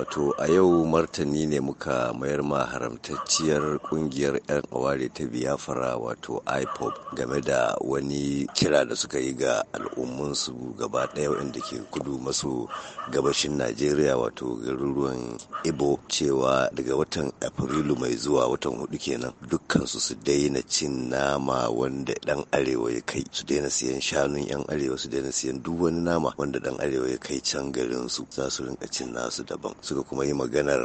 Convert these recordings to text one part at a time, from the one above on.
wato a yau martani ne muka mayar ma haramtacciyar kungiyar 'yan aware ta biyafara wato ipop game da wani kira da suka yi ga al'ummansu gaba ɗaya inda ke kudu maso gabashin najeriya wato garuruwan ibo cewa daga watan afrilu mai zuwa watan hudu kenan dukkansu su daina cin nama wanda dan arewa ya kai su daina siyan shanun 'yan arewa su daina siyan duk wani nama wanda dan arewa ya kai can garin su za su rinka cin nasu daban suka kuma yi maganar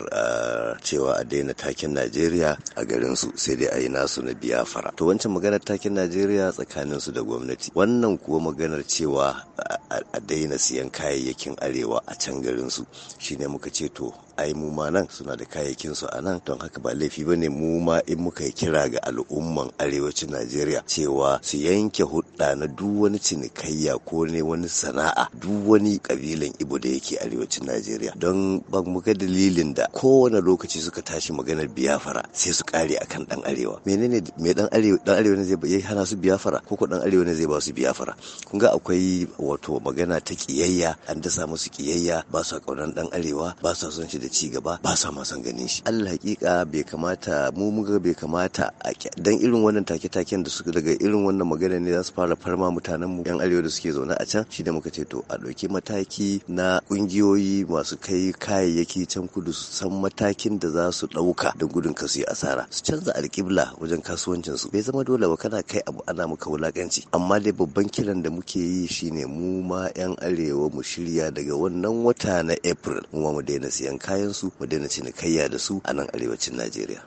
cewa a daina takin najeriya a garin su sai dai a yi nasu na biyafara. to wancan maganar takin najeriya tsakanin su da gwamnati wannan kuwa maganar cewa a daina siyan kayayyakin arewa a can garin su shine muka ce to ai mu ma nan suna da kayayyakin su a nan don haka ba laifi ba ne mu ma in muka yi kira ga al'umman arewacin najeriya cewa su yanke hudda na duk wani cinikayya ko ne wani sana'a duk wani kabilan ibo da yake arewacin najeriya don ba mu ga dalilin da kowane lokaci suka tashi maganar biyafara sai su kare akan dan arewa menene me dan arewa dan arewa ne zai hana su biyafara ko ko dan arewa ne zai ba su biyafara kun ga akwai wato magana ta kiyayya an dasa musu kiyayya ba sa kaunan dan arewa ba sa son shi da ci gaba ba sa ma son ganin shi Allah hakika bai kamata mu muga bai kamata dan irin wannan take-taken da suka daga irin wannan magana ne za su fara farma mutanen mu yan arewa da suke zaune a can shi da muka ce to a ɗauki mataki na kungiyoyi masu kai kayayyaki can kudu su san matakin da za su ɗauka don gudun ka su yi asara su canza alƙibla wajen kasuwancin su bai zama dole ba kana kai abu ana maka wulakanci amma dai babban kiran da muke yi shine mu ma 'yan arewa mu shirya daga wannan wata na april kuma mu daina siyan kayan su mu daina cinikayya da su a nan arewacin najeriya